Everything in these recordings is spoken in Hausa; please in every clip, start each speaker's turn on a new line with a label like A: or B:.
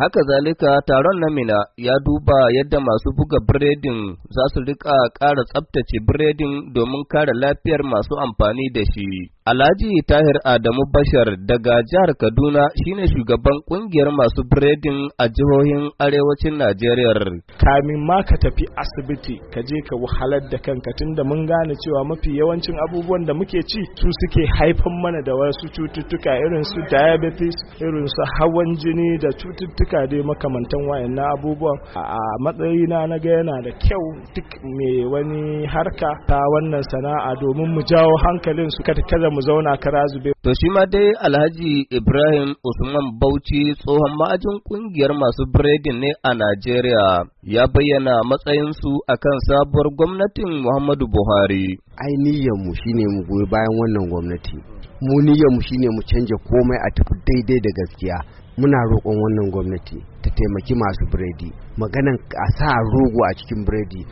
A: Haka zalika taron na Mina ya duba yadda masu buga biredin za su riƙa ƙara tsabtace biredin domin kare lafiyar masu amfani da shi. Alhaji Tahir Adamu Bashar daga jihar Kaduna shine shugaban kungiyar masu biredin a jihohin arewacin Najeriya.
B: Kamin ma ka tafi asibiti ka je ka wahalar da kanka tunda mun gane cewa mafi yawancin abubuwan da muke ci su suke haifan mana da wasu cututtuka irin su diabetes, irin su hawan jini da cututtuka dai makamantan wayannan abubuwa? A matsayina na ga yana da kyau duk mai wani harka ta wannan sana'a domin mu jawo hankalin su kada mu zauna kara zube.
A: To shi ma dai Alhaji Ibrahim Usman Bauchi tsohon ma'ajin kungiyar masu biredin ne a Najeriya ya bayyana matsayinsu akan sabuwar gwamnatin Muhammadu Buhari.
C: Ai mu shine mu goyi bayan wannan gwamnati. Mu mu shine mu canja komai a tafi daidai da gaskiya. Muna roƙon wannan gwamnati ta taimaki masu biredi. Maganan a sa rogo a cikin biredi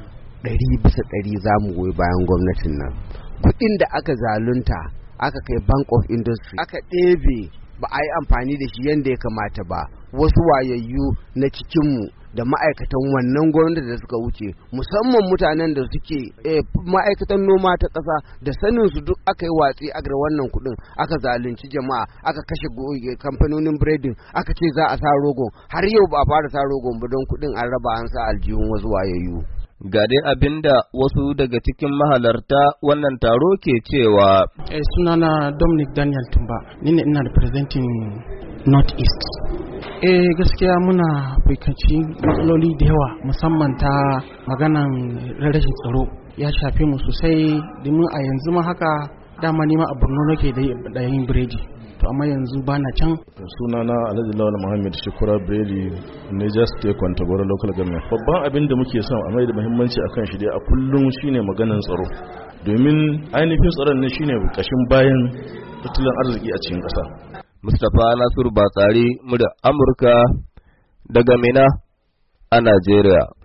C: ɗari bisa ɗari za mu goyi bayan gwamnatin nan. Kuɗin da aka zalunta aka kai bank of industry aka ɗebe ba a yi amfani da shi yadda ya kamata ba wasu wayayyu na cikinmu da ma'aikatan wannan gwamnati da suka wuce musamman mutanen da suke eh, ma'aikatan noma ta ƙasa da sanin su duk aka yi watsi a wannan kuɗin aka zalunci jama'a aka kashe eh, kamfanonin biredin aka ce za a sa rogon har yau ba a fara sa rogon ba don kuɗin an raba an sa aljihun wasu wayayyu
A: ga dai abin da wasu daga cikin mahalarta wannan taro ke cewa
D: e, sunana dominic daniel tumba ni ne ina representing north east eh gaskiya muna fuskanci matsaloli da yawa musamman ta maganan rashin tsaro ya shafe mu sosai domin a yanzu ma haka dama nima a borno nake da yin biredi to amma yanzu ba na can
B: na alhaji lawal muhammad shukura beli niger state kwantabora local government babban abin da muke son amai da muhimmanci akan shi dai a kullum shine maganan tsaro domin ainihin tsaron ne shine kashin bayan
A: tattalin arziki a cikin ƙasa mustapha nasiru batsari da amurka daga mina a najeriya